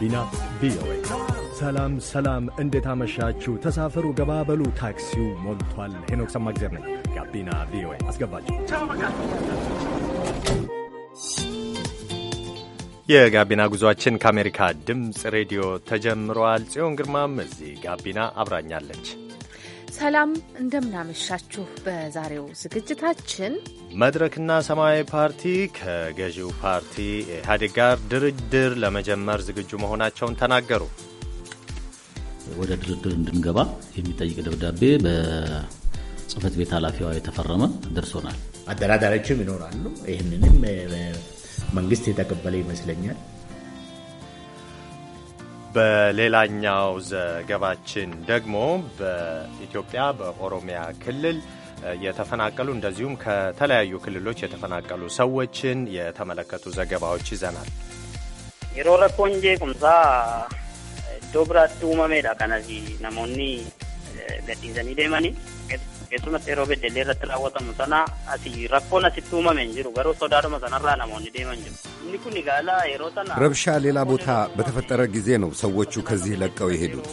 ጋቢና ቪኦኤ። ሰላም ሰላም፣ እንዴት አመሻችሁ? ተሳፈሩ፣ ገባበሉ፣ ታክሲው ሞልቷል። ሄኖክ ሰማግዜር ነኝ። ጋቢና ቪኦኤ አስገባችሁ። የጋቢና ጉዟችን ከአሜሪካ ድምፅ ሬዲዮ ተጀምሯል። ጽዮን ግርማም እዚህ ጋቢና አብራኛለች። ሰላም እንደምናመሻችሁ። በዛሬው ዝግጅታችን መድረክና ሰማያዊ ፓርቲ ከገዢው ፓርቲ ኢህአዴግ ጋር ድርድር ለመጀመር ዝግጁ መሆናቸውን ተናገሩ። ወደ ድርድር እንድንገባ የሚጠይቅ ደብዳቤ በጽህፈት ቤት ኃላፊዋ የተፈረመ ደርሶናል። አደራዳሪዎችም ይኖራሉ። ይህንንም መንግስት የተቀበለ ይመስለኛል። በሌላኛው ዘገባችን ደግሞ በኢትዮጵያ በኦሮሚያ ክልል የተፈናቀሉ እንደዚሁም ከተለያዩ ክልሎች የተፈናቀሉ ሰዎችን የተመለከቱ ዘገባዎች ይዘናል። የሮ ቁምሳ ዶብራት ኡመሜዳ ከነዚህ ነሞኒ ገዲዘኒ ደመኒ keessumas yeroo beddellee irratti raawwatamu sana asi rakkoon asitti uumame hin jiru garuu sodaadhuma sanarraa namoonni deeman jiru inni kun gaala yeroo sana ረብሻ ሌላ ቦታ በተፈጠረ ጊዜ ነው ሰዎቹ ከዚህ ለቀው የሄዱት።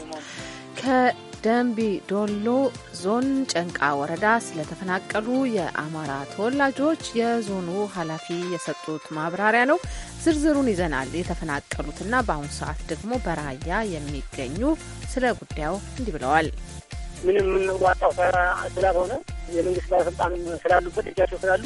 ከደንቢ ዶሎ ዞን ጨንቃ ወረዳ ስለተፈናቀሉ የአማራ ተወላጆች የዞኑ ኃላፊ የሰጡት ማብራሪያ ነው። ዝርዝሩን ይዘናል። የተፈናቀሉትና በአሁኑ ሰዓት ደግሞ በራያ የሚገኙ ስለ ጉዳዩ እንዲህ ብለዋል። ምንም የምንዋጣው ስላልሆነ የመንግስት ባለስልጣን ስላሉበት እጃቸው ስላሉ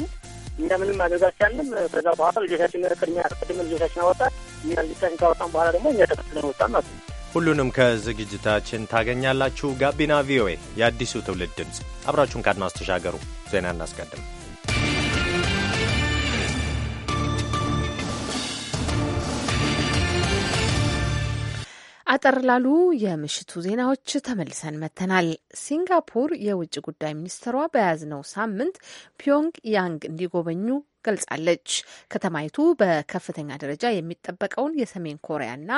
እኛ ምንም ማድረግ አልቻልንም። ከዛ በኋላ ልጆቻችን ቅድሚያ ቅድም ልጆቻችን አወጣ እኛ ልጆቻችን ካወጣን በኋላ ደግሞ እኛ ተከትለን ወጣን ማለት ነው። ሁሉንም ከዝግጅታችን ታገኛላችሁ። ጋቢና ቪኦኤ፣ የአዲሱ ትውልድ ድምፅ። አብራችሁን ካድማስ ተሻገሩ። ዜና እናስቀድም። አጠር ላሉ የምሽቱ ዜናዎች ተመልሰን መጥተናል። ሲንጋፖር የውጭ ጉዳይ ሚኒስትሯ በያዝነው ሳምንት ፒዮንግ ያንግ እንዲጎበኙ ገልጻለች። ከተማይቱ በከፍተኛ ደረጃ የሚጠበቀውን የሰሜን ኮሪያና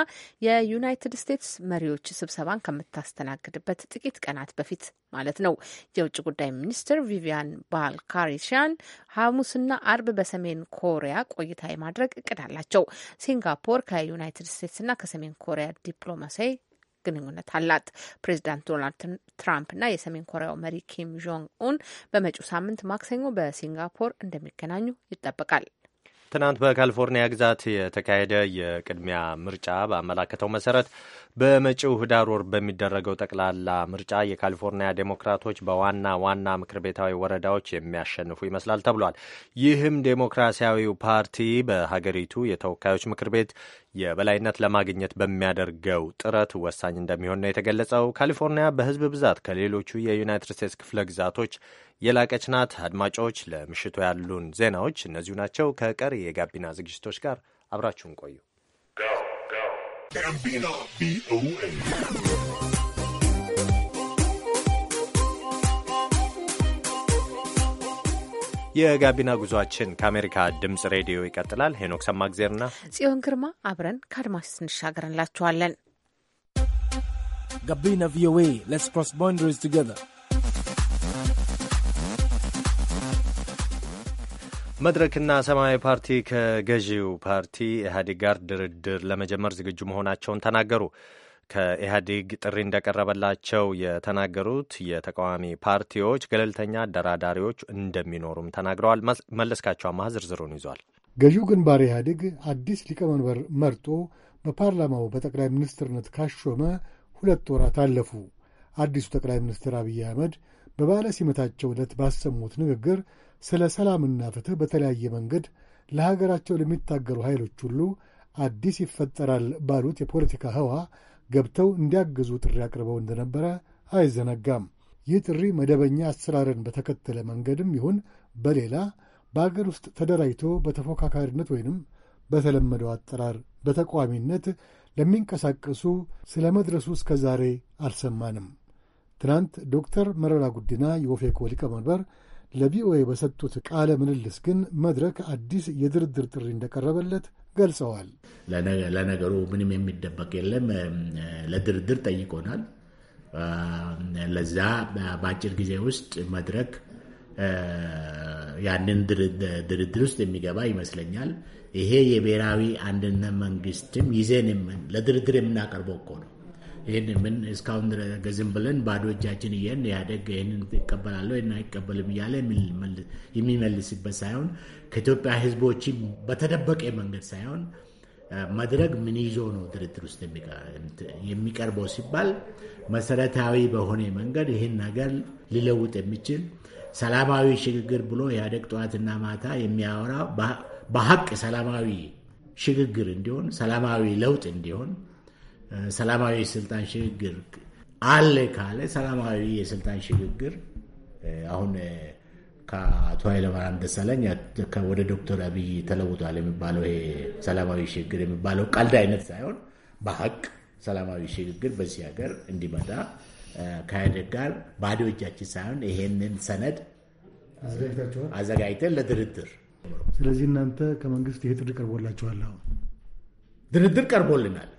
የዩናይትድ ስቴትስ መሪዎች ስብሰባን ከምታስተናግድበት ጥቂት ቀናት በፊት ማለት ነው። የውጭ ጉዳይ ሚኒስትር ቪቪያን ባልካሪሻን ሐሙስና አርብ በሰሜን ኮሪያ ቆይታ የማድረግ እቅድ አላቸው። ሲንጋፖር ከዩናይትድ ስቴትስና ከሰሜን ኮሪያ ዲፕሎማሲ ግንኙነት አላት። ፕሬዚዳንት ዶናልድ ትራምፕና የሰሜን ኮሪያው መሪ ኪም ጆንግ ኡን በመጪው ሳምንት ማክሰኞ በሲንጋፖር እንደሚገናኙ ይጠበቃል። ትናንት በካሊፎርኒያ ግዛት የተካሄደ የቅድሚያ ምርጫ ባመላከተው መሰረት በመጪው ህዳር ወር በሚደረገው ጠቅላላ ምርጫ የካሊፎርኒያ ዴሞክራቶች በዋና ዋና ምክር ቤታዊ ወረዳዎች የሚያሸንፉ ይመስላል ተብሏል። ይህም ዴሞክራሲያዊው ፓርቲ በሀገሪቱ የተወካዮች ምክር ቤት የበላይነት ለማግኘት በሚያደርገው ጥረት ወሳኝ እንደሚሆን ነው የተገለጸው። ካሊፎርኒያ በህዝብ ብዛት ከሌሎቹ የዩናይትድ ስቴትስ ክፍለ ግዛቶች የላቀች ናት። አድማጮች፣ ለምሽቱ ያሉን ዜናዎች እነዚሁ ናቸው። ከቀሪ የጋቢና ዝግጅቶች ጋር አብራችሁን ቆዩ። የጋቢና ጉዟችን ከአሜሪካ ድምፅ ሬዲዮ ይቀጥላል። ሄኖክ ሰማግዜርና ጽዮን ግርማ አብረን ከአድማስ እንሻገር ጋቢና ቪኦኤ ሌትስ ክሮስ ቦንደሪስ ቱጌዘር መድረክና ሰማያዊ ፓርቲ ከገዢው ፓርቲ ኢህአዴግ ጋር ድርድር ለመጀመር ዝግጁ መሆናቸውን ተናገሩ። ከኢህአዴግ ጥሪ እንደቀረበላቸው የተናገሩት የተቃዋሚ ፓርቲዎች ገለልተኛ አደራዳሪዎች እንደሚኖሩም ተናግረዋል። መለስካቸው አማህ ዝርዝሩን ይዟል። ገዢው ግንባር ኢህአዴግ አዲስ ሊቀመንበር መርጦ በፓርላማው በጠቅላይ ሚኒስትርነት ካሾመ ሁለት ወራት አለፉ። አዲሱ ጠቅላይ ሚኒስትር አብይ አህመድ በባለ ሲመታቸው ዕለት ባሰሙት ንግግር ስለ ሰላምና ፍትሕ በተለያየ መንገድ ለሀገራቸው ለሚታገሉ ኃይሎች ሁሉ አዲስ ይፈጠራል ባሉት የፖለቲካ ህዋ ገብተው እንዲያግዙ ጥሪ አቅርበው እንደነበረ አይዘነጋም። ይህ ጥሪ መደበኛ አሰራርን በተከተለ መንገድም ይሁን በሌላ በአገር ውስጥ ተደራጅቶ በተፎካካሪነት ወይንም በተለመደው አጠራር በተቃዋሚነት ለሚንቀሳቀሱ ስለ መድረሱ እስከ ዛሬ አልሰማንም። ትናንት ዶክተር መረራ ጉዲና የኦፌኮ ሊቀመንበር ለቪኦኤ በሰጡት ቃለ ምልልስ ግን መድረክ አዲስ የድርድር ጥሪ እንደቀረበለት ገልጸዋል። ለነገሩ ምንም የሚደበቅ የለም። ለድርድር ጠይቆናል። ለዛ በአጭር ጊዜ ውስጥ መድረክ ያንን ድርድር ውስጥ የሚገባ ይመስለኛል። ይሄ የብሔራዊ አንድነት መንግስትም ይዘን ለድርድር የምናቀርበው እኮ ነው ይህን ምን እስካሁን ዝም ብለን ባዶ እጃችን እየን ኢህአዴግ ይህንን ይቀበላለሁ ይህን አይቀበልም እያለ የሚመልስበት ሳይሆን ከኢትዮጵያ ህዝቦች በተደበቀ መንገድ ሳይሆን መድረክ ምን ይዞ ነው ድርድር ውስጥ የሚቀርበው ሲባል መሰረታዊ በሆነ መንገድ ይህን ነገር ሊለውጥ የሚችል ሰላማዊ ሽግግር ብሎ ኢህአዴግ ጠዋትና ማታ የሚያወራ በሀቅ ሰላማዊ ሽግግር እንዲሆን ሰላማዊ ለውጥ እንዲሆን ሰላማዊ የስልጣን ሽግግር አለ ካለ ሰላማዊ የስልጣን ሽግግር አሁን ከአቶ ኃይለማርያም ደሳለኝ ወደ ዶክተር አብይ ተለውጧል የሚባለው ይሄ ሰላማዊ ሽግግር የሚባለው ቀልድ አይነት ሳይሆን በሀቅ ሰላማዊ ሽግግር በዚህ ሀገር እንዲመጣ ከኢህአዴግ ጋር ባዶ እጃችን ሳይሆን ይሄንን ሰነድ አዘጋጅተን ለድርድር። ስለዚህ እናንተ ከመንግስት ይሄ ጥሪ ቀርቦላችኋል? ድርድር ቀርቦልናል።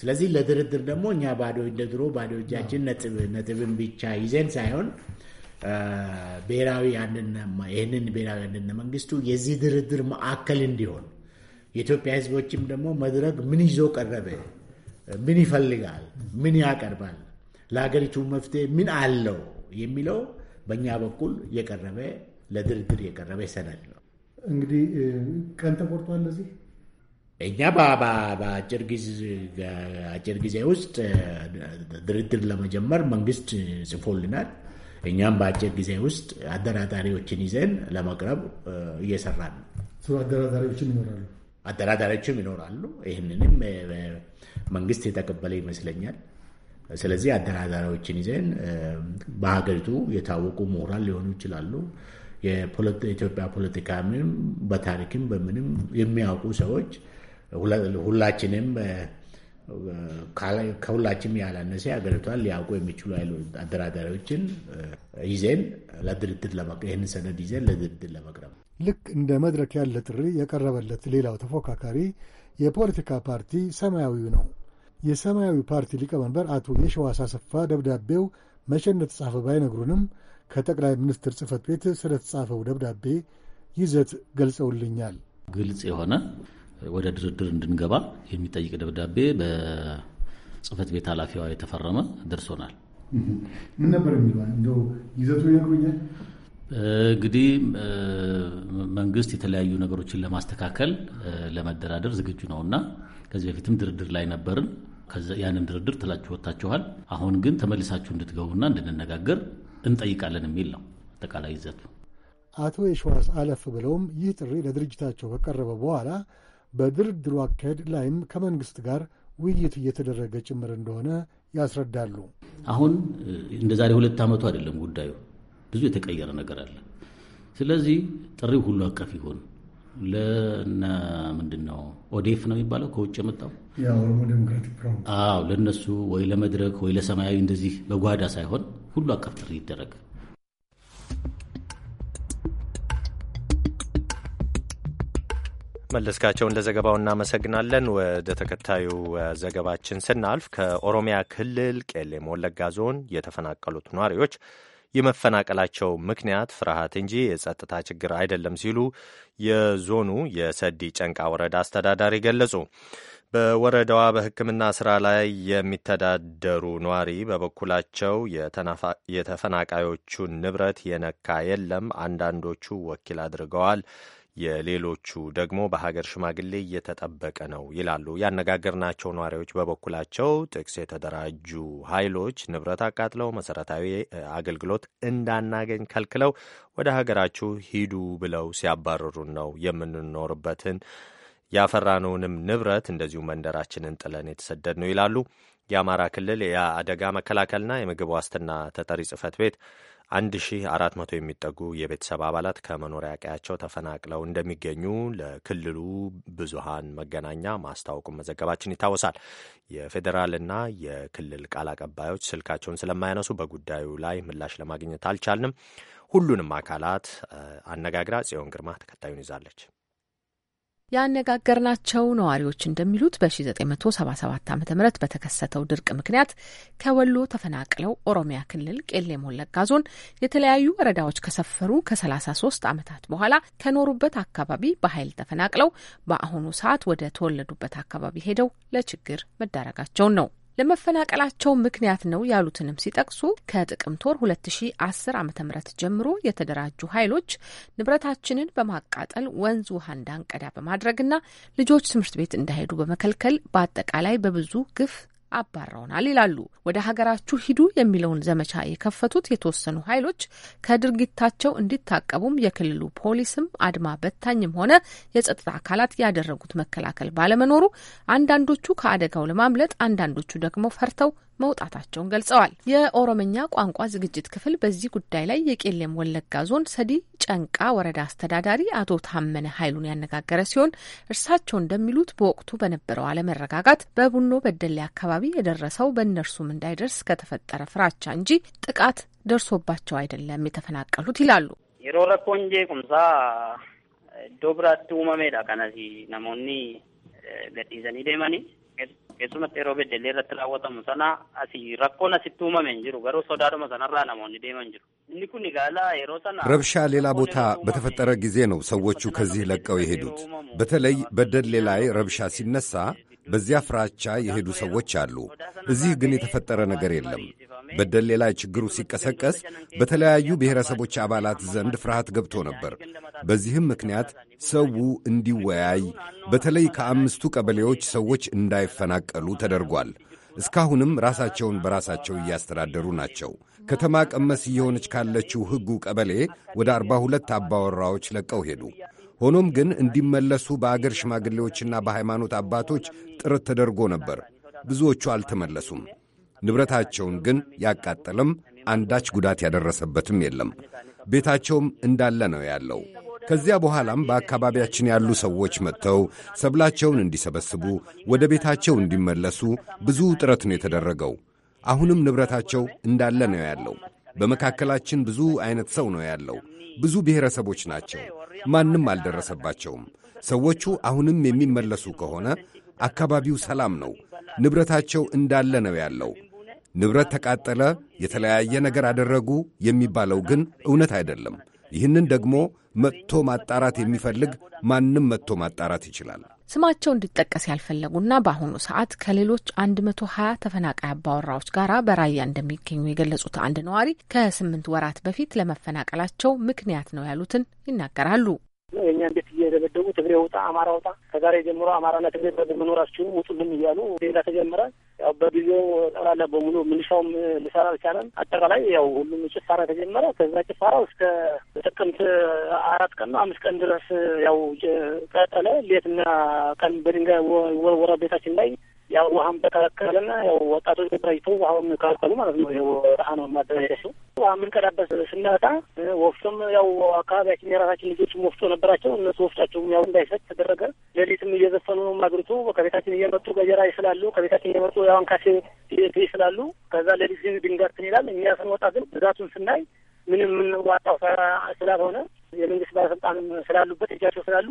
ስለዚህ ለድርድር ደግሞ እኛ ባዶ እንደ ድሮ ባዶ እጃችን ነጥብን ብቻ ይዘን ሳይሆን ብሔራዊ ይህንን ብሔራዊ አንድነት መንግስቱ የዚህ ድርድር ማዕከል እንዲሆን የኢትዮጵያ ሕዝቦችም ደግሞ መድረክ ምን ይዞ ቀረበ፣ ምን ይፈልጋል፣ ምን ያቀርባል፣ ለሀገሪቱ መፍትሄ ምን አለው የሚለው በእኛ በኩል የቀረበ ለድርድር የቀረበ ሰነድ ነው። እንግዲህ ቀን ተቆርጧል ለዚህ? እኛ በአጭር ጊዜ ውስጥ ድርድር ለመጀመር መንግስት ጽፎልናል። እኛም በአጭር ጊዜ ውስጥ አደራዳሪዎችን ይዘን ለመቅረብ እየሰራን ነው። አደራዳሪዎችም ይኖራሉ አደራዳሪዎችም ይኖራሉ። ይህንንም መንግስት የተቀበለ ይመስለኛል። ስለዚህ አደራዳሪዎችን ይዘን በሀገሪቱ የታወቁ ምሁራን ሊሆኑ ይችላሉ። የኢትዮጵያ ፖለቲካንም በታሪክም በምንም የሚያውቁ ሰዎች ሁላችንም ከሁላችም ያላነሰ ሀገሪቷን ሊያውቁ የሚችሉ አደራዳሪዎችን ይዜን ለድርድር ይህንን ሰነድ ይዜን ለድርድር ለመቅረብ ልክ እንደ መድረክ ያለ ጥሪ የቀረበለት ሌላው ተፎካካሪ የፖለቲካ ፓርቲ ሰማያዊው ነው። የሰማያዊ ፓርቲ ሊቀመንበር አቶ የሸዋስ አሰፋ ደብዳቤው መቼ እንደተጻፈ ባይነግሩንም ከጠቅላይ ሚኒስትር ጽህፈት ቤት ስለተጻፈው ደብዳቤ ይዘት ገልጸውልኛል። ግልጽ የሆነ ወደ ድርድር እንድንገባ የሚጠይቅ ደብዳቤ በጽህፈት ቤት ኃላፊዋ የተፈረመ ደርሶናል። ምን ነበር የሚለው እንደው ይዘቱ ይነግሩኛል። እንግዲህ መንግስት የተለያዩ ነገሮችን ለማስተካከል ለመደራደር ዝግጁ ነው እና ከዚህ በፊትም ድርድር ላይ ነበርን። ያንን ድርድር ትላችሁ ወጥታችኋል። አሁን ግን ተመልሳችሁ እንድትገቡና እንድንነጋገር እንጠይቃለን የሚል ነው አጠቃላይ ይዘቱ። አቶ የሸዋስ አለፍ ብለውም ይህ ጥሪ ለድርጅታቸው ከቀረበ በኋላ በድርድሩ አካሄድ ላይም ከመንግስት ጋር ውይይት እየተደረገ ጭምር እንደሆነ ያስረዳሉ። አሁን እንደ ዛሬ ሁለት ዓመቱ አይደለም ጉዳዩ፣ ብዙ የተቀየረ ነገር አለ። ስለዚህ ጥሪው ሁሉ አቀፍ ይሆን ለነ ምንድን ነው ኦዴፍ ነው የሚባለው ከውጭ የመጣው አዎ፣ ለእነሱ ወይ ለመድረክ ወይ ለሰማያዊ እንደዚህ በጓዳ ሳይሆን ሁሉ አቀፍ ጥሪ ይደረግ። መለስካቸውን ለዘገባው እናመሰግናለን። ወደ ተከታዩ ዘገባችን ስናልፍ ከኦሮሚያ ክልል ቄለም ወለጋ ዞን የተፈናቀሉት ነዋሪዎች የመፈናቀላቸው ምክንያት ፍርሃት እንጂ የጸጥታ ችግር አይደለም ሲሉ የዞኑ የሰዲ ጨንቃ ወረዳ አስተዳዳሪ ገለጹ። በወረዳዋ በሕክምና ስራ ላይ የሚተዳደሩ ነዋሪ በበኩላቸው የተፈናቃዮቹን ንብረት የነካ የለም፣ አንዳንዶቹ ወኪል አድርገዋል የሌሎቹ ደግሞ በሀገር ሽማግሌ እየተጠበቀ ነው ይላሉ። ያነጋገርናቸው ነዋሪዎች በበኩላቸው ጥቅስ የተደራጁ ኃይሎች ንብረት አቃጥለው መሰረታዊ አገልግሎት እንዳናገኝ ከልክለው ወደ ሀገራችሁ ሂዱ ብለው ሲያባረሩን ነው የምንኖርበትን ያፈራነውንም ንብረት እንደዚሁ መንደራችንን ጥለን የተሰደድ ነው ይላሉ። የአማራ ክልል የአደጋ መከላከልና የምግብ ዋስትና ተጠሪ ጽህፈት ቤት አንድ ሺህ መቶ የሚጠጉ የቤተሰብ አባላት ከመኖሪያ ቀያቸው ተፈናቅለው እንደሚገኙ ለክልሉ ብዙሃን መገናኛ ማስታወቁን መዘገባችን ይታወሳል። የፌዴራልና የክልል ቃል አቀባዮች ስልካቸውን ስለማያነሱ በጉዳዩ ላይ ምላሽ ለማግኘት አልቻልንም። ሁሉንም አካላት አነጋግራ ጽዮን ግርማ ተከታዩን ይዛለች። ያነጋገርናቸው ነዋሪዎች እንደሚሉት በ1977 ዓ ም በተከሰተው ድርቅ ምክንያት ከወሎ ተፈናቅለው ኦሮሚያ ክልል ቄሌ ሞለጋ ዞን የተለያዩ ወረዳዎች ከሰፈሩ ከ33 ዓመታት በኋላ ከኖሩበት አካባቢ በኃይል ተፈናቅለው በአሁኑ ሰዓት ወደ ተወለዱበት አካባቢ ሄደው ለችግር መዳረጋቸውን ነው ለመፈናቀላቸው ምክንያት ነው ያሉትንም ሲጠቅሱ ከጥቅምት ወር 2010 ዓ ም ጀምሮ የተደራጁ ኃይሎች ንብረታችንን በማቃጠል ወንዝ ውሃ እንዳንቀዳ በማድረግና ልጆች ትምህርት ቤት እንዳይሄዱ በመከልከል በአጠቃላይ በብዙ ግፍ አባረውናል ይላሉ። ወደ ሀገራችሁ ሂዱ የሚለውን ዘመቻ የከፈቱት የተወሰኑ ኃይሎች ከድርጊታቸው እንዲታቀቡም የክልሉ ፖሊስም አድማ በታኝም ሆነ የጸጥታ አካላት ያደረጉት መከላከል ባለመኖሩ አንዳንዶቹ ከአደጋው ለማምለጥ፣ አንዳንዶቹ ደግሞ ፈርተው መውጣታቸውን ገልጸዋል። የኦሮምኛ ቋንቋ ዝግጅት ክፍል በዚህ ጉዳይ ላይ የቄሌም ወለጋ ዞን ሰዲ ጨንቃ ወረዳ አስተዳዳሪ አቶ ታመነ ኃይሉን ያነጋገረ ሲሆን እርሳቸው እንደሚሉት በወቅቱ በነበረው አለመረጋጋት በቡኖ በደሌ አካባቢ የደረሰው በእነርሱም እንዳይደርስ ከተፈጠረ ፍራቻ እንጂ ጥቃት ደርሶባቸው አይደለም የተፈናቀሉት ይላሉ። የሮ እንጂ ቁምሳ ዶብራት ውመሜዳ ቀነሲ ነሞኒ ገዲሰኒ ደመኒ keessumatti yeroo beddellee irratti raawwatamu sana asii rakkoon asitti uumame hin jiru garuu sodaadhuma sanarraa namoonni deeman jiru inni kun gaala yeroo sana ረብሻ ሌላ ቦታ በተፈጠረ ጊዜ ነው ሰዎቹ ከዚህ ለቀው የሄዱት። በተለይ በደሌ ላይ ረብሻ ሲነሳ በዚያ ፍራቻ የሄዱ ሰዎች አሉ። እዚህ ግን የተፈጠረ ነገር የለም። በደሌ ላይ ችግሩ ሲቀሰቀስ በተለያዩ ብሔረሰቦች አባላት ዘንድ ፍርሃት ገብቶ ነበር። በዚህም ምክንያት ሰው እንዲወያይ፣ በተለይ ከአምስቱ ቀበሌዎች ሰዎች እንዳይፈናቀሉ ተደርጓል። እስካሁንም ራሳቸውን በራሳቸው እያስተዳደሩ ናቸው። ከተማ ቀመስ እየሆነች ካለችው ሕጉ ቀበሌ ወደ አርባ ሁለት አባወራዎች ለቀው ሄዱ። ሆኖም ግን እንዲመለሱ በአገር ሽማግሌዎችና በሃይማኖት አባቶች ጥረት ተደርጎ ነበር። ብዙዎቹ አልተመለሱም። ንብረታቸውን ግን ያቃጠለም አንዳች ጉዳት ያደረሰበትም የለም። ቤታቸውም እንዳለ ነው ያለው። ከዚያ በኋላም በአካባቢያችን ያሉ ሰዎች መጥተው ሰብላቸውን እንዲሰበስቡ፣ ወደ ቤታቸው እንዲመለሱ ብዙ ጥረት ነው የተደረገው። አሁንም ንብረታቸው እንዳለ ነው ያለው። በመካከላችን ብዙ አይነት ሰው ነው ያለው። ብዙ ብሔረሰቦች ናቸው። ማንም አልደረሰባቸውም። ሰዎቹ አሁንም የሚመለሱ ከሆነ አካባቢው ሰላም ነው። ንብረታቸው እንዳለ ነው ያለው። ንብረት ተቃጠለ፣ የተለያየ ነገር አደረጉ የሚባለው ግን እውነት አይደለም። ይህንን ደግሞ መጥቶ ማጣራት የሚፈልግ ማንም መጥቶ ማጣራት ይችላል። ስማቸው እንዲጠቀስ ያልፈለጉና በአሁኑ ሰዓት ከሌሎች 120 ተፈናቃይ አባወራዎች ጋር በራያ እንደሚገኙ የገለጹት አንድ ነዋሪ ከስምንት ወራት በፊት ለመፈናቀላቸው ምክንያት ነው ያሉትን ይናገራሉ። እኛ እንዴት እየደበደቡ ትግሬ ውጣ፣ አማራ ውጣ፣ ከዛሬ ጀምሮ አማራና ትግሬ በመኖራችሁ ውጡልን እያሉ ሌላ ተጀመረ። ያው በጊዜው ጠቅላላ በሙሉ ምንሻውም ሊሰራ አልቻለም። አጠቃላይ ያው ሁሉም ጭፋራ ተጀመረ። ከዛ ጭፋራ እስከ ጥቅምት አራት ቀን ነው አምስት ቀን ድረስ ያው ቀጠለ። ሌትና ቀን በድንጋይ ወረቤታችን ላይ ያው ውሀም በተከለና ያው ወጣቶች ተደራጅተው ውሀውን ካልከሉ ማለት ነው። ይው ረሀ ነው ማደራጀሱ ውሀ የምንቀዳበት ስናጣ ወፍጮም ያው አካባቢያችን የራሳችን ልጆችም ወፍጮ ነበራቸው። እነሱ ወፍጫቸውም ያው እንዳይሰጥ ተደረገ። ሌሊትም እየዘፈኑ ነው ማግሪቱ ከቤታችን እየመጡ ገጀራ ይስላሉ። ከቤታችን እየመጡ ያው አንካሴ ይስላሉ። ከዛ ሌሊት ድንጋትን ይላል። እኛ ስንወጣ ግን ብዛቱን ስናይ ምንም የምንዋጣው ስላልሆነ የመንግስት ባለስልጣንም ስላሉበት እጃቸው ስላሉ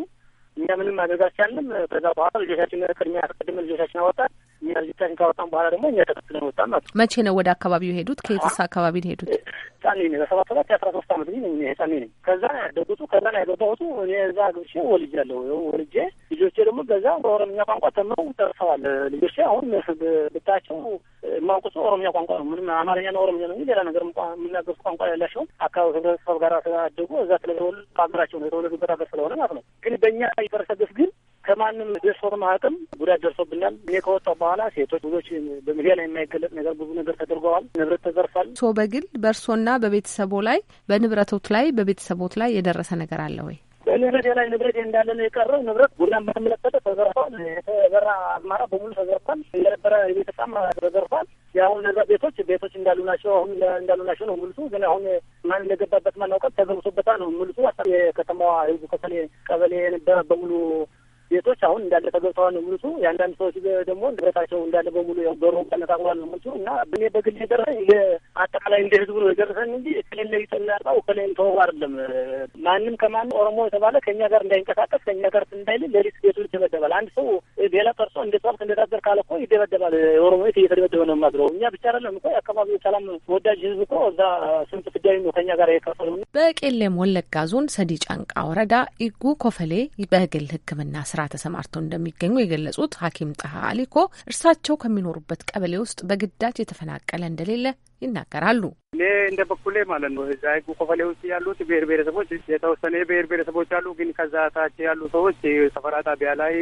እኛ ምንም ማድረግ አልቻልንም። በዛ በኋላ ልጆቻችን ቅድሚያ ቅድም ልጆቻችን አወጣን። ከዚህ ካወጣን በኋላ ደግሞ እኛ ተከትለን ወጣን ማለት ነው። መቼ ነው ወደ አካባቢው የሄዱት? ከየትስ አካባቢ ነው የሄዱት? ጫኔ ነኝ። በሰባ ሰባት የአስራ ሶስት አመት ግ ነኝ። ጫኔ ነኝ። ከዛ ያደጉቱ ከዛ ነው ያገባሁቱ እኔ እዛ ወልጅ ያለው ወልጄ ልጆቼ ደግሞ በዛ በኦሮምኛ ቋንቋ ተምረው ደርሰዋል። ልጆቼ አሁን ብታቸው የማውቁት ኦሮምኛ ቋንቋ ነው። ምንም አማርኛ አማርኛና ኦሮምኛ ነው እንጂ ሌላ ነገር የምናገሩት ቋንቋ ያላቸውም። አካባቢ ህብረተሰብ ጋር ስላደጉ እዛ ስለተወለዱ ሀገራቸው ነው የተወለዱበት ሀገር ስለሆነ ማለት ነው። ግን በእኛ ይፈረሰገስ ግን ከማንም ደርሶትም አቅም ጉዳት ደርሶብናል። እኔ ከወጣሁ በኋላ ሴቶች ብዙዎች በሚዲያ ላይ የማይገለጽ ነገር ብዙ ነገር ተደርገዋል። ንብረት ተዘርፏል። ሶ በግል በእርሶና በቤተሰቦ ላይ በንብረቶት ላይ በቤተሰቦት ላይ የደረሰ ነገር አለ ወይ? በንብረት ላይ ንብረት እንዳለ ነው የቀረው። ንብረት ቡናን በተመለከተ ተዘርፏል። የተዘራ አዝመራ በሙሉ ተዘርፏል። እንደነበረ ቤተሰብ ተዘርፏል። የአሁን ንብረት ቤቶች ቤቶች እንዳሉ ናቸው። አሁን እንዳሉ ናቸው ነው ሙልቱ። ግን አሁን ማን እንደገባበት ማናውቃት ተገብቶበታል ነው ሙልቱ። የከተማዋ ህዝቡ ከተሌ ቀበሌ የነበረ በሙሉ ቤቶች አሁን እንዳለ ተገብተዋል ነው ሙልቱ። የአንዳንድ ሰዎች ደግሞ ንብረታቸው እንዳለ በሙሉ ያው በሮ ቀነታቅሏል ነው ሙልቱ። እና እኔ በግል የደረሰኝ ይሄ አጠቃላይ እንደ ህዝቡ ነው የደረሰን እንጂ ከሌለ ይጠላጣው ከሌለ ተወው አይደለም። ማንም ከማን ኦሮሞ የተባለ ከእኛ ጋር እንዳይንቀሳቀስ ከእኛ ጋር እንዳይል ሌሊት ቤቱ ይደበደባል። አንድ ሰው ሌላ ጠርሶ እንደ ጠዋት እንደታዘር ካለ እኮ ይደበደባል። ኦሮሞ ቤት እየተደበደበ ነው የማድረው። እኛ ብቻ አይደለም እኮ የአካባቢው ሰላም ወዳጅ ህዝብ እኮ እዛ ስንት ፍዳይ ነው ከእኛ ጋር የከፈሉ። በቄሌም ወለጋ ዞን ሰዲ ጫንቃ ወረዳ ኢጉ ኮፈሌ በግል ህክምና ስራ ተሰማርተው እንደሚገኙ የገለጹት ሐኪም ጣሀ አሊኮ እርሳቸው ከሚኖሩበት ቀበሌ ውስጥ በግዳጅ የተፈናቀለ እንደሌለ ይናገራሉ። እኔ እንደ በኩሌ ማለት ነው እዛ ህጉ ኮፈሌ ውስጥ ያሉት ብሔር ብሔረሰቦች የተወሰነ ብሔር ብሔረሰቦች አሉ። ግን ከዛ ታች ያሉ ሰዎች ሰፈራ ጣቢያ ላይ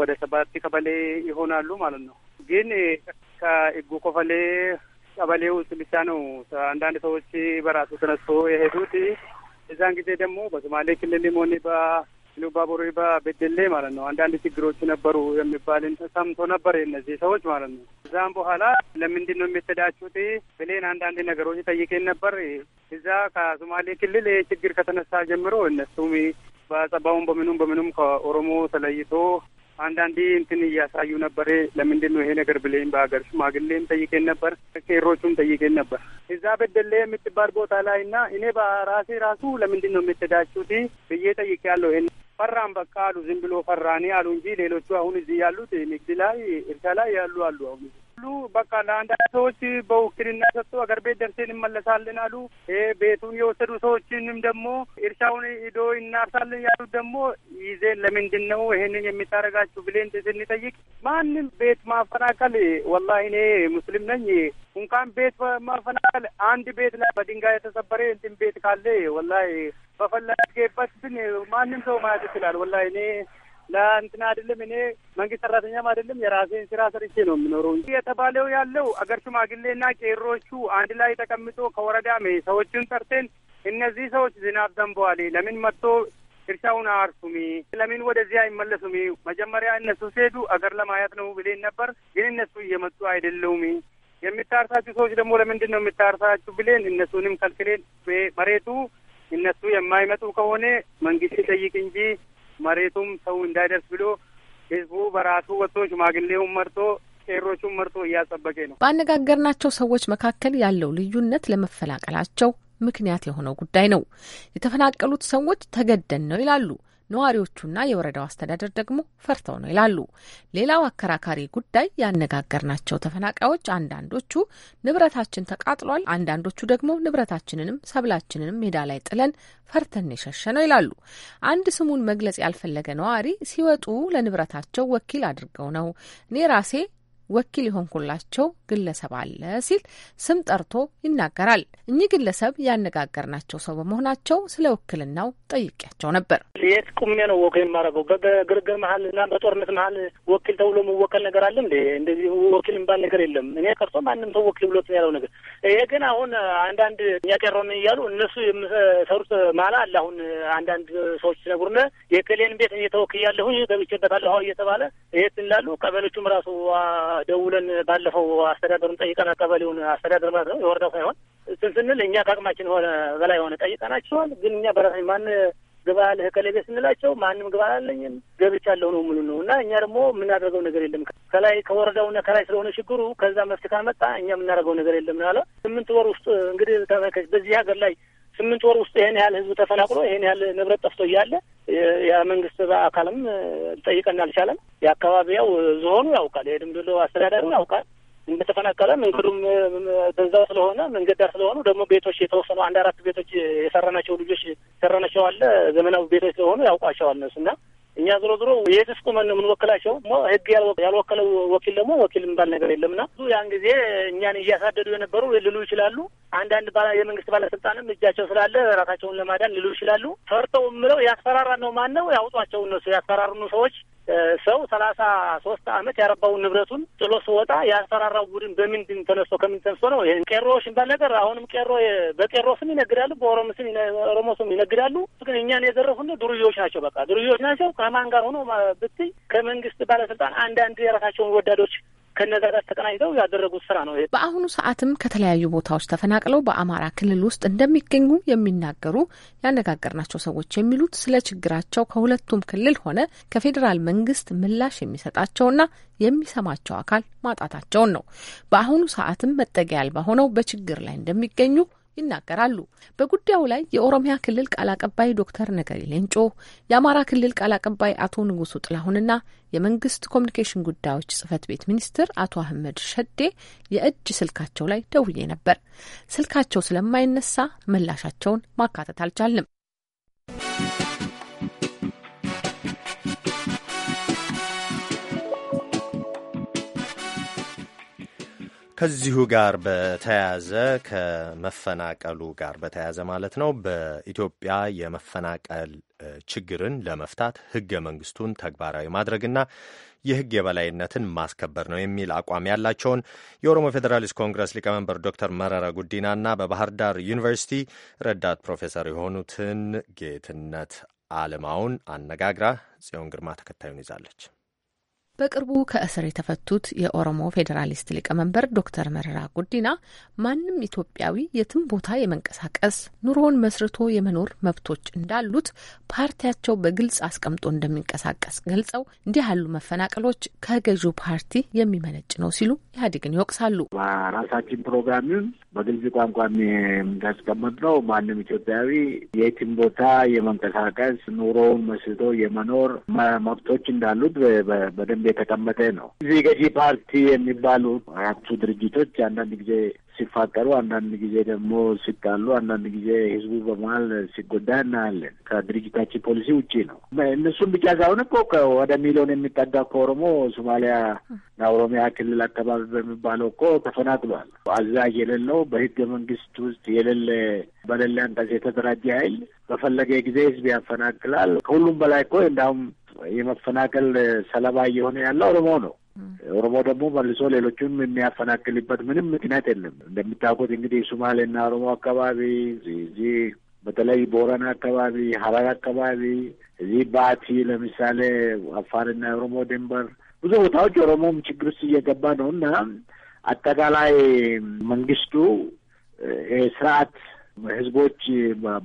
ወደ ሰባት ቀበሌ ይሆናሉ ማለት ነው። ግን ከህጉ ኮፈሌ ቀበሌ ውስጥ ብቻ ነው አንዳንድ ሰዎች በራሱ ተነስቶ የሄዱት። እዛን ጊዜ ደግሞ በሶማሌ ክልልም ሆነ ሉባቦሪባ በደሌ ማለት ነው አንዳንድ ችግሮች ነበሩ የሚባልን ሰምቶ ነበር እነዚህ ሰዎች ማለት ነው። እዛም በኋላ ለምንድን ነው የሚተዳችሁት ብሌን አንዳንድ ነገሮች ጠይቄን ነበር። እዛ ከሶማሌ ክልል ችግር ከተነሳ ጀምሮ እነሱም በጸባውን በምኑም በምኑም ከኦሮሞ ተለይቶ አንዳንዴ እንትን እያሳዩ ነበር። ለምንድን ነው ይሄ ነገር ብሌን በሀገር ሽማግሌም ጠይቄን ነበር፣ ቄሮቹም ጠይቄን ነበር። እዛ በደሌ የምትባል ቦታ ላይ እና እኔ በራሴ ራሱ ለምንድን ነው የምትዳችሁት ብዬ ይሄን ፈራን በቃ አሉ። ዝም ብሎ ፈራኔ አሉ እንጂ ሌሎቹ አሁን እዚህ ያሉት ንግድ ላይ እርሻ ላይ ያሉ አሉ አሁን ሁሉ በቃ ለአንዳንድ ሰዎች በውክልና ሰጥቶ አገር ቤት ደርሴን እንመለሳለን አሉ። ቤቱን የወሰዱ ሰዎችንም ደግሞ እርሻውን ሂዶ እናርሳለን ያሉት ደግሞ ይዜን ለምንድን ነው ይሄንን የሚታረጋችሁ ብሌን ስንጠይቅ ማንም ቤት ማፈናቀል ወላ እኔ ሙስሊም ነኝ እንኳን ቤት ማፈናቀል አንድ ቤት ላይ በድንጋይ የተሰበረ እንትን ቤት ካለ ወላ ግን ማንም ሰው ማለት ይችላል። ወላ እኔ ለእንትና አይደለም። እኔ መንግስት ሰራተኛም አይደለም። የራሴን ስራ ሰርቼ ነው የምኖረው እንጂ የተባለው ያለው አገር ሽማግሌና ቄሮቹ አንድ ላይ ተቀምጦ ከወረዳ ሰዎችን ጠርተን እነዚህ ሰዎች ዝናብ ዘንበዋል፣ ለምን መጥቶ እርሻውን አርሱሚ ለምን ወደዚህ አይመለሱሚ? መጀመሪያ እነሱ ሲሄዱ አገር ለማየት ነው ብሌን ነበር፣ ግን እነሱ እየመጡ አይደለውሚ የሚታርሳችሁ ሰዎች ደግሞ ለምንድን ነው የሚታርሳችሁ ብሌን እነሱንም ከልክሌን መሬቱ እነሱ የማይመጡ ከሆነ መንግስት ይጠይቅ እንጂ መሬቱም ሰው እንዳይደርስ ብሎ ህዝቡ በራሱ ወጥቶ ሽማግሌውን መርቶ ቄሮቹን መርቶ እያጸበቀ ነው። ባነጋገርናቸው ሰዎች መካከል ያለው ልዩነት ለመፈላቀላቸው ምክንያት የሆነው ጉዳይ ነው። የተፈናቀሉት ሰዎች ተገደን ነው ይላሉ። ነዋሪዎቹና የወረዳው አስተዳደር ደግሞ ፈርተው ነው ይላሉ። ሌላው አከራካሪ ጉዳይ ያነጋገርናቸው ተፈናቃዮች አንዳንዶቹ ንብረታችን ተቃጥሏል፣ አንዳንዶቹ ደግሞ ንብረታችንንም ሰብላችንንም ሜዳ ላይ ጥለን ፈርተን የሸሸ ነው ይላሉ። አንድ ስሙን መግለጽ ያልፈለገ ነዋሪ ሲወጡ ለንብረታቸው ወኪል አድርገው ነው እኔ ራሴ ወኪል የሆንኩላቸው ግለሰብ አለ ሲል ስም ጠርቶ ይናገራል። እኚህ ግለሰብ ያነጋገርናቸው ሰው በመሆናቸው ስለ ውክልናው ጠይቄያቸው ነበር። የት ቁሜ ነው ወክል የማረገው? በግርግር መሀል እና በጦርነት መሀል ወኪል ተብሎ መወከል ነገር አለ እንዴ? እንደዚህ ወኪል የሚባል ነገር የለም። እኔ ቀርቶ ማንም ሰው ወኪል ብሎት ያለው ነገር ይሄ ግን አሁን አንዳንድ እኛ እያሉ እነሱ የምሰሩት ማላ አለ። አሁን አንዳንድ ሰዎች ሲነግሩን የክሌን ቤት እየተወክያለሁ ገብቼበታለሁ እየተባለ ይሄት እንላሉ ቀበሎቹም ራሱ ደውለን ባለፈው አስተዳደሩን ጠይቀን አቀበሌውን አስተዳደር ማለት ነው የወረዳው ሳይሆን እንትን ስንል እኛ ከአቅማችን ሆነ በላይ ሆነ ጠይቀናቸዋል። ግን እኛ በራሳኝ ማን ግባ ያለህ ከሌቤ ስንላቸው ማንም ግባ አላለኝም ገብቻለሁ ነው ምሉ ነው እና እኛ ደግሞ የምናደርገው ነገር የለም ከላይ ከወረዳውና ከላይ ስለሆነ ችግሩ ከዛ መፍትሄ ካመጣ እኛ የምናደርገው ነገር የለም ነው ያለ። ስምንት ወር ውስጥ እንግዲህ በዚህ ሀገር ላይ ስምንት ወር ውስጥ ይሄን ያህል ህዝብ ተፈናቅሎ ይሄን ያህል ንብረት ጠፍቶ እያለ የመንግስት አካልም ጠይቀን አልቻለም። የአካባቢ ያው ዞኑ ያውቃል፣ የድምድሎ አስተዳደሩ ያውቃል እንደተፈናቀለ መንገዱም ገንዘብ ስለሆነ መንገድ ዳር ስለሆኑ ደግሞ ቤቶች የተወሰኑ አንድ አራት ቤቶች የሰራናቸው ልጆች ሰራናቸው አለ ዘመናዊ ቤቶች ስለሆኑ ያውቋቸዋል እነሱ እና እኛ ዞሮ ዞሮ የህዝብ ቁመን የምንወክላቸው ህግ ያልወከለው ወኪል ደግሞ ወኪል የሚባል ነገር የለምና ያን ጊዜ እኛን እያሳደዱ የነበሩ ልሉ ይችላሉ። አንዳንድ የመንግስት ባለስልጣንም እጃቸው ስላለ ራሳቸውን ለማዳን ሊሉ ይችላሉ። ፈርተው የምለው ያስፈራራ ነው። ማን ነው ያውጧቸው? እነሱ ያስፈራሩኑ ሰዎች ሰው ሰላሳ ሶስት አመት ያረባውን ንብረቱን ጥሎ ስወጣ ያስፈራራው ቡድን በምንድን ተነስቶ ከምን ተነስቶ ነው? ይህን ቄሮ ሽንባል ነገር አሁንም ቄሮ በቄሮ ስም ይነግዳሉ፣ በኦሮሞ ስም ኦሮሞ ስም ይነግዳሉ። ግን እኛን የዘረፉን ዱርዬዎች ናቸው። በቃ ዱርዬዎች ናቸው። ከማን ጋር ሆኖ ብትይ ከመንግስት ባለስልጣን አንዳንድ የራሳቸውን ወዳዶች ከነዛ ጋር ተቀናኝተው ያደረጉት ስራ ነው። በአሁኑ ሰዓትም ከተለያዩ ቦታዎች ተፈናቅለው በአማራ ክልል ውስጥ እንደሚገኙ የሚናገሩ ያነጋገርናቸው ሰዎች የሚሉት ስለ ችግራቸው ከሁለቱም ክልል ሆነ ከፌዴራል መንግስት ምላሽ የሚሰጣቸውና የሚሰማቸው አካል ማጣታቸውን ነው። በአሁኑ ሰዓትም መጠጊያ አልባ ሆነው በችግር ላይ እንደሚገኙ ይናገራሉ። በጉዳዩ ላይ የኦሮሚያ ክልል ቃል አቀባይ ዶክተር ነገሪ ሌንጮ፣ የአማራ ክልል ቃል አቀባይ አቶ ንጉሱ ጥላሁንና የመንግስት ኮሚኒኬሽን ጉዳዮች ጽህፈት ቤት ሚኒስትር አቶ አህመድ ሸዴ የእጅ ስልካቸው ላይ ደውዬ ነበር። ስልካቸው ስለማይነሳ ምላሻቸውን ማካተት አልቻልንም። ከዚሁ ጋር በተያያዘ ከመፈናቀሉ ጋር በተያያዘ ማለት ነው በኢትዮጵያ የመፈናቀል ችግርን ለመፍታት ህገ መንግስቱን ተግባራዊ ማድረግና የህግ የበላይነትን ማስከበር ነው የሚል አቋም ያላቸውን የኦሮሞ ፌዴራሊስት ኮንግረስ ሊቀመንበር ዶክተር መረራ ጉዲናና በባህር ዳር ዩኒቨርሲቲ ረዳት ፕሮፌሰር የሆኑትን ጌትነት አለማውን አነጋግራ ጽዮን ግርማ ተከታዩን ይዛለች። በቅርቡ ከእስር የተፈቱት የኦሮሞ ፌዴራሊስት ሊቀመንበር ዶክተር መረራ ጉዲና ማንም ኢትዮጵያዊ የትም ቦታ የመንቀሳቀስ ኑሮውን መስርቶ የመኖር መብቶች እንዳሉት ፓርቲያቸው በግልጽ አስቀምጦ እንደሚንቀሳቀስ ገልጸው እንዲህ ያሉ መፈናቀሎች ከገዢው ፓርቲ የሚመነጭ ነው ሲሉ ኢህአዴግን ይወቅሳሉ። በራሳችን ፕሮግራሚን በግልጽ ቋንቋ ነው። ማንም ኢትዮጵያዊ የትም ቦታ የመንቀሳቀስ ኑሮውን መስርቶ የመኖር መብቶች እንዳሉት በደንብ የተቀመጠ ነው። እዚህ ገዢ ፓርቲ የሚባሉ አራቱ ድርጅቶች አንዳንድ ጊዜ ሲፋቀሩ፣ አንዳንድ ጊዜ ደግሞ ሲጣሉ፣ አንዳንድ ጊዜ ህዝቡ በመሀል ሲጎዳ እናያለን። ከድርጅታችን ፖሊሲ ውጪ ነው። እነሱም ብቻ ሳይሆን እኮ ወደ ሚሊዮን የሚጠጋ ከኦሮሞ ሶማሊያና ኦሮሚያ ክልል አካባቢ በሚባለው እኮ ተፈናቅሏል። አዛዥ የሌለው በህገ መንግስት ውስጥ የሌለ በሌለ አንቀጽ የተደራጀ ኃይል በፈለገ ጊዜ ህዝብ ያፈናቅላል። ከሁሉም በላይ እኮ እንዳውም የመፈናቀል ሰለባ እየሆነ ያለ ኦሮሞ ነው። ኦሮሞ ደግሞ መልሶ ሌሎቹም የሚያፈናቅልበት ምንም ምክንያት የለም። እንደምታውቁት እንግዲህ ሱማሌና ኦሮሞ አካባቢ እዚህ በተለይ ቦረና አካባቢ፣ ሀረር አካባቢ፣ እዚህ ባቲ ለምሳሌ አፋርና የኦሮሞ ድንበር ብዙ ቦታዎች ኦሮሞም ችግር ውስጥ እየገባ ነው እና አጠቃላይ መንግስቱ ስርዓት ህዝቦች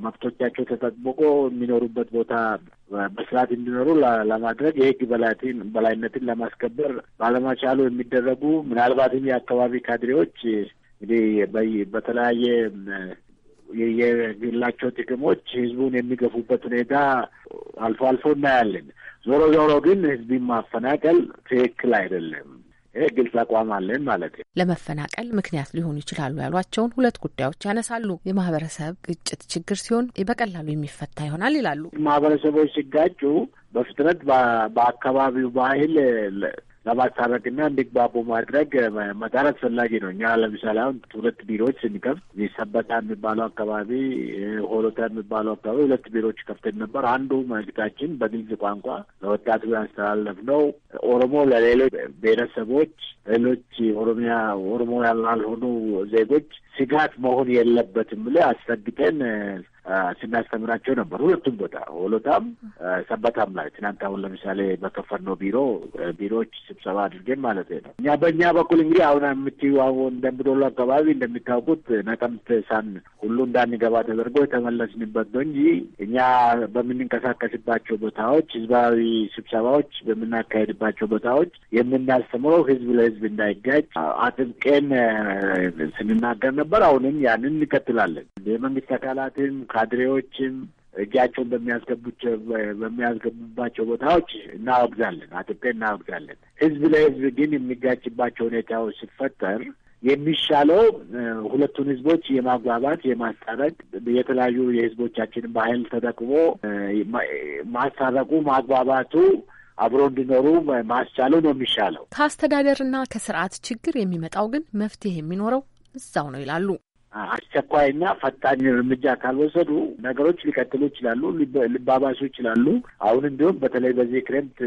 መብቶቻቸው ተጠብቆ የሚኖሩበት ቦታ በስርዓት እንዲኖሩ ለማድረግ የህግ በላይነትን ለማስከበር ባለመቻሉ የሚደረጉ ምናልባትም የአካባቢ ካድሬዎች እንግዲህ በተለያየ የግላቸው ጥቅሞች ህዝቡን የሚገፉበት ሁኔታ አልፎ አልፎ እናያለን። ዞሮ ዞሮ ግን ህዝብን ማፈናቀል ትክክል አይደለም። ይሄ ግልጽ አቋም አለን ማለት ነው። ለመፈናቀል ምክንያት ሊሆኑ ይችላሉ ያሏቸውን ሁለት ጉዳዮች ያነሳሉ። የማህበረሰብ ግጭት ችግር ሲሆን በቀላሉ የሚፈታ ይሆናል ይላሉ። ማህበረሰቦች ሲጋጩ በፍጥነት በአካባቢው ባህል ለማስታረቅና እንዲግባቡ ማድረግ መጣር አስፈላጊ ነው። እኛ ለምሳሌ አሁን ሁለት ቢሮዎች ስንከፍት ሰበታ የሚባለው አካባቢ፣ ሆሎታ የሚባለው አካባቢ ሁለት ቢሮዎች ከፍተን ነበር። አንዱ መልእክታችን በግልጽ ቋንቋ ለወጣቱ ያስተላለፍ ነው ኦሮሞ ለሌሎች ብሔረሰቦች፣ ሌሎች ኦሮሚያ ኦሮሞ ያላልሆኑ ዜጎች ስጋት መሆን የለበትም ብለ አስረግጠን ስናስተምራቸው ነበር። ሁለቱም ቦታ ሆሎታም ሰበታም ላይ ትናንት አሁን ለምሳሌ በከፈርነው ቢሮ ቢሮዎች ስብሰባ አድርገን ማለት ነው። እኛ በእኛ በኩል እንግዲህ አሁን የምትዩ አሁን ደምቢዶሎ አካባቢ እንደሚታወቁት ነቀምት ሳን ሁሉ እንዳንገባ ተደርጎ የተመለስንበት ነው እንጂ እኛ በምንንቀሳቀስባቸው ቦታዎች ህዝባዊ ስብሰባዎች በምናካሄድባቸው ቦታዎች የምናስተምረው ህዝብ ለህዝብ እንዳይጋጭ አጥብቀን ስንናገር ነበር። አሁንም ያንን እንቀጥላለን። የመንግስት አካላትም ካድሬዎችም እጃቸውን በሚያስገቡት በሚያስገቡባቸው ቦታዎች እናወግዛለን፣ አጥብቄ እናወግዛለን። ህዝብ ለህዝብ ግን የሚጋጭባቸው ሁኔታዎች ሲፈጠር የሚሻለው ሁለቱን ህዝቦች የማግባባት የማስታረቅ የተለያዩ የህዝቦቻችንን ባህል ተጠቅሞ ማስታረቁ ማግባባቱ አብሮ እንዲኖሩ ማስቻሉ ነው የሚሻለው። ከአስተዳደርና ከስርዓት ችግር የሚመጣው ግን መፍትሄ የሚኖረው እዛው ነው ይላሉ። አስቸኳይና ፈጣን እርምጃ ካልወሰዱ ነገሮች ሊቀጥሉ ይችላሉ፣ ሊባባሱ ይችላሉ። አሁን እንዲሁም በተለይ በዚህ ክረምት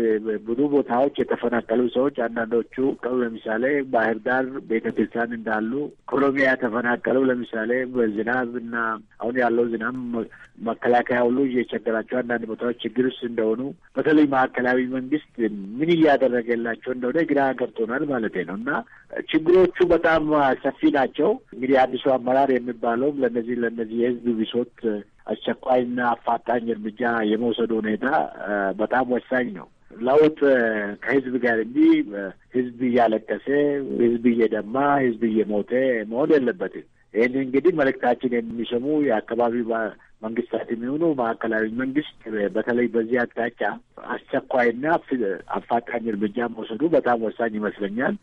ብዙ ቦታዎች የተፈናቀሉ ሰዎች አንዳንዶቹ ቀው ለምሳሌ ባህር ዳር ቤተ ክርስቲያን እንዳሉ ኦሮሚያ የተፈናቀሉ ለምሳሌ በዝናብ እና አሁን ያለው ዝናብ መከላከያ ሁሉ እየቸገራቸው አንዳንድ ቦታዎች ችግር ውስጥ እንደሆኑ በተለይ ማዕከላዊ መንግስት ምን እያደረገላቸው እንደሆነ ግራ ገብቶናል ማለት ነው እና ችግሮቹ በጣም ሰፊ ናቸው። እንግዲህ አዲሱ አመራር የሚባለውም ለነዚህ ለነዚህ የህዝብ ብሶት አስቸኳይና አፋጣኝ እርምጃ የመውሰዱ ሁኔታ በጣም ወሳኝ ነው። ለውጥ ከህዝብ ጋር እንጂ ህዝብ እያለቀሰ፣ ህዝብ እየደማ፣ ህዝብ እየሞተ መሆን የለበትም። ይህን እንግዲህ መልእክታችን የሚሰሙ የአካባቢ መንግስታት የሚሆኑ ማዕከላዊ መንግስት በተለይ በዚህ አቅጣጫ አስቸኳይና አፋጣኝ እርምጃ መውሰዱ በጣም ወሳኝ ይመስለኛል።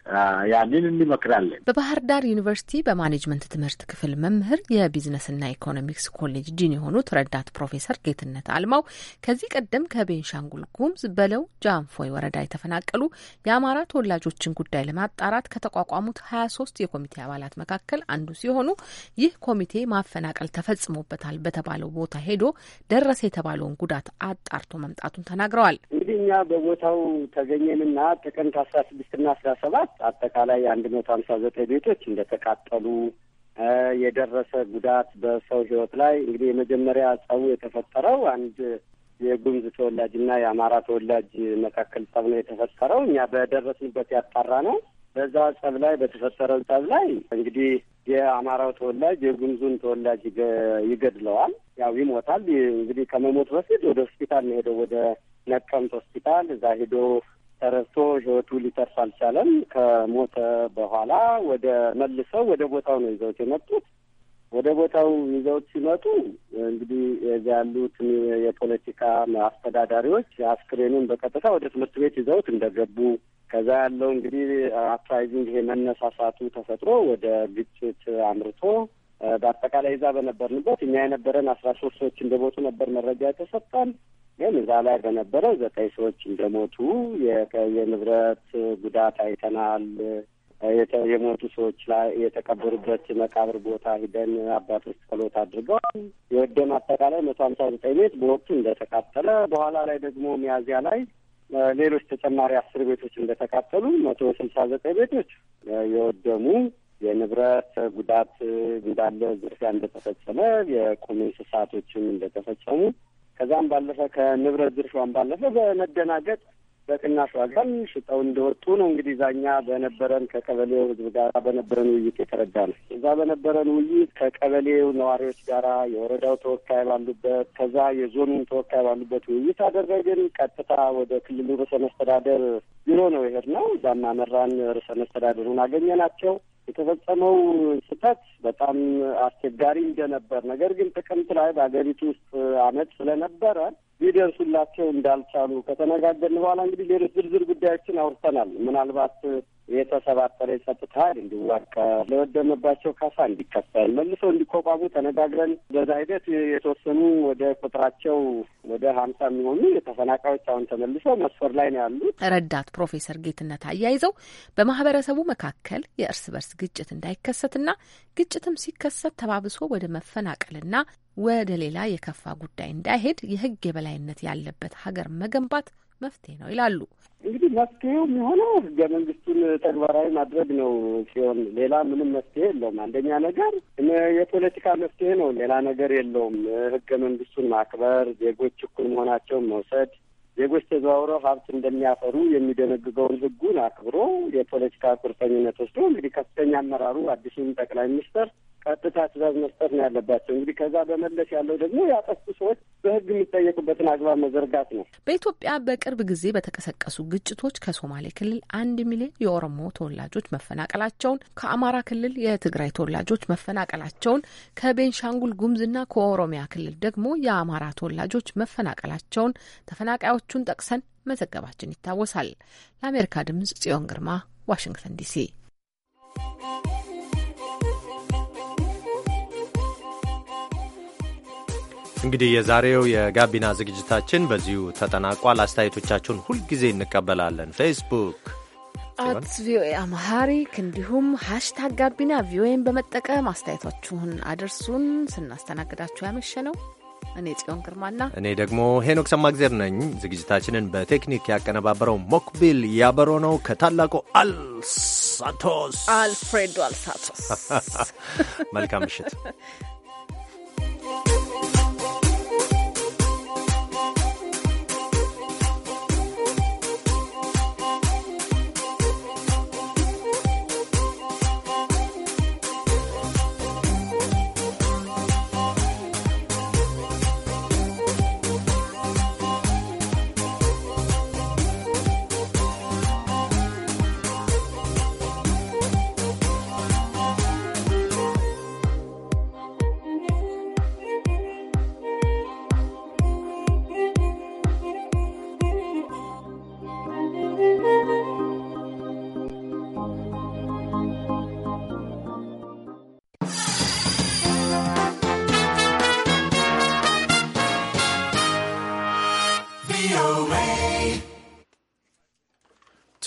ያንን እንመክራለን። በባህር ዳር ዩኒቨርሲቲ በማኔጅመንት ትምህርት ክፍል መምህር የቢዝነስና ኢኮኖሚክስ ኮሌጅ ዲን የሆኑት ረዳት ፕሮፌሰር ጌትነት አልማው ከዚህ ቀደም ከቤንሻንጉል ጉሙዝ በለው ጃንፎይ ወረዳ የተፈናቀሉ የአማራ ተወላጆችን ጉዳይ ለማጣራት ከተቋቋሙት ሀያ ሶስት የኮሚቴ አባላት መካከል አንዱ ሲሆኑ ይህ ኮሚቴ ማፈናቀል ተፈጽሞበታል በተባለው ቦታ ሄዶ ደረሰ የተባለውን ጉዳት አጣርቶ መምጣቱን ተናግረዋል። እንግዲህ እኛ በቦታው ተገኘንና ጥቅምት አስራ ስድስትና አስራ ሰባት አጠቃላይ አንድ መቶ ሀምሳ ዘጠኝ ቤቶች እንደተቃጠሉ የደረሰ ጉዳት በሰው ህይወት ላይ እንግዲህ የመጀመሪያ ጸቡ የተፈጠረው አንድ የጉምዝ ተወላጅና የአማራ ተወላጅ መካከል ጸብ ነው የተፈጠረው። እኛ በደረስንበት ያጣራ ነው በዛ ጸብ ላይ በተፈጠረው ጸብ ላይ እንግዲህ የአማራው ተወላጅ የጉምዙን ተወላጅ ይገድለዋል። ያው ይሞታል። እንግዲህ ከመሞት በፊት ወደ ሆስፒታል ነው ሄደው ወደ ነቀምት ሆስፒታል እዛ ሄዶ ተረስቶ ህይወቱ ሊተርፍ አልቻለም። ከሞተ በኋላ ወደ መልሰው ወደ ቦታው ነው ይዘውት የመጡት። ወደ ቦታው ይዘውት ሲመጡ እንግዲህ እዚያ ያሉት የፖለቲካ አስተዳዳሪዎች አስክሬኑን በቀጥታ ወደ ትምህርት ቤት ይዘውት እንደገቡ ከዛ ያለው እንግዲህ አፕራይዚንግ ይሄ መነሳሳቱ ተፈጥሮ ወደ ግጭት አምርቶ በአጠቃላይ እዛ በነበርንበት እኛ የነበረን አስራ ሶስት ሰዎች እንደሞቱ ነበር መረጃ የተሰጠን። ግን እዛ ላይ በነበረ ዘጠኝ ሰዎች እንደሞቱ የንብረት ጉዳት አይተናል። የሞቱ ሰዎች ላይ የተቀበሩበት መቃብር ቦታ ሂደን አባቶች ጸሎት አድርገዋል። የወደም አጠቃላይ መቶ ሀምሳ ዘጠኝ ቤት በወቅቱ እንደተቃጠለ በኋላ ላይ ደግሞ ሚያዝያ ላይ ሌሎች ተጨማሪ አስር ቤቶች እንደተቃጠሉ መቶ ስልሳ ዘጠኝ ቤቶች የወደሙ የንብረት ጉዳት እንዳለ ዝርፊያ እንደተፈጸመ የቁም እንስሳቶችም እንደተፈጸሙ ከዛም ባለፈ ከንብረት ዝርፊያን ባለፈ በመደናገጥ በቅናሽ ዋጋም ሽጠው እንደወጡ ነው። እንግዲህ ዛኛ በነበረን ከቀበሌው ህዝብ ጋር በነበረን ውይይት የተረዳ ነው። እዛ በነበረን ውይይት ከቀበሌው ነዋሪዎች ጋራ የወረዳው ተወካይ ባሉበት፣ ከዛ የዞኑን ተወካይ ባሉበት ውይይት አደረግን። ቀጥታ ወደ ክልሉ ርዕሰ መስተዳደር ቢሮ ነው ይሄድ ነው። እዛም አመራን። ርዕሰ መስተዳደሩን ናቸው የተፈጸመው ስህተት በጣም አስቸጋሪ እንደነበር ነገር ግን ጥቅምት ላይ በሀገሪቱ ውስጥ አመት ስለነበረ ሊደርሱላቸው እንዳልቻሉ ከተነጋገርን በኋላ እንግዲህ ሌሎች ዝርዝር ጉዳዮችን አውርተናል። ምናልባት የተሰባጠረ የጸጥታ ኃይል እንዲዋቀር፣ ለወደመባቸው ካሳ እንዲከፈል፣ መልሶ እንዲቋቋሙ ተነጋግረን በዛ ሂደት የተወሰኑ ወደ ቁጥራቸው ወደ ሀምሳ የሚሆኑ የተፈናቃዮች አሁን ተመልሶ መስፈር ላይ ነው ያሉት። ረዳት ፕሮፌሰር ጌትነት አያይዘው በማህበረሰቡ መካከል የእርስ በርስ ግጭት እንዳይከሰትና ግጭትም ሲከሰት ተባብሶ ወደ መፈናቀልና ወደ ሌላ የከፋ ጉዳይ እንዳይሄድ የህግ የበላይነት ያለበት ሀገር መገንባት መፍትሄ ነው ይላሉ። እንግዲህ መፍትሄው የሚሆነው ህገ መንግስቱን ተግባራዊ ማድረግ ነው ሲሆን ሌላ ምንም መፍትሄ የለውም። አንደኛ ነገር የፖለቲካ መፍትሄ ነው፣ ሌላ ነገር የለውም። ህገ መንግስቱን ማክበር፣ ዜጎች እኩል መሆናቸውን መውሰድ፣ ዜጎች ተዘዋውረው ሀብት እንደሚያፈሩ የሚደነግገውን ህጉን አክብሮ የፖለቲካ ቁርጠኝነት ወስዶ እንግዲህ ከፍተኛ አመራሩ አዲሱን ጠቅላይ ሚኒስተር ቀጥታ ትእዛዝ መስጠት ነው ያለባቸው። እንግዲህ ከዛ በመለስ ያለው ደግሞ ያጠፉ ሰዎች በህግ የሚጠየቁበትን አግባብ መዘርጋት ነው። በኢትዮጵያ በቅርብ ጊዜ በተቀሰቀሱ ግጭቶች ከሶማሌ ክልል አንድ ሚሊዮን የኦሮሞ ተወላጆች መፈናቀላቸውን፣ ከአማራ ክልል የትግራይ ተወላጆች መፈናቀላቸውን፣ ከቤንሻንጉል ጉምዝና ከኦሮሚያ ክልል ደግሞ የአማራ ተወላጆች መፈናቀላቸውን ተፈናቃዮቹን ጠቅሰን መዘገባችን ይታወሳል። ለአሜሪካ ድምጽ ጽዮን ግርማ ዋሽንግተን ዲሲ እንግዲህ የዛሬው የጋቢና ዝግጅታችን በዚሁ ተጠናቋል። አስተያየቶቻችሁን ሁልጊዜ እንቀበላለን። ፌስቡክ አት ቪኦኤ አማሃሪክ እንዲሁም ሀሽታግ ጋቢና ቪኦኤን በመጠቀም አስተያየቶችሁን አድርሱን። ስናስተናግዳችሁ ያመሸ ነው እኔ ጽዮን ግርማና እኔ ደግሞ ሄኖክ ሰማግዜር ነኝ። ዝግጅታችንን በቴክኒክ ያቀነባበረው ሞክቢል ያበሮ ነው ከታላቁ አልሳቶስ አልፍሬዶ አልሳቶስ። መልካም ምሽት።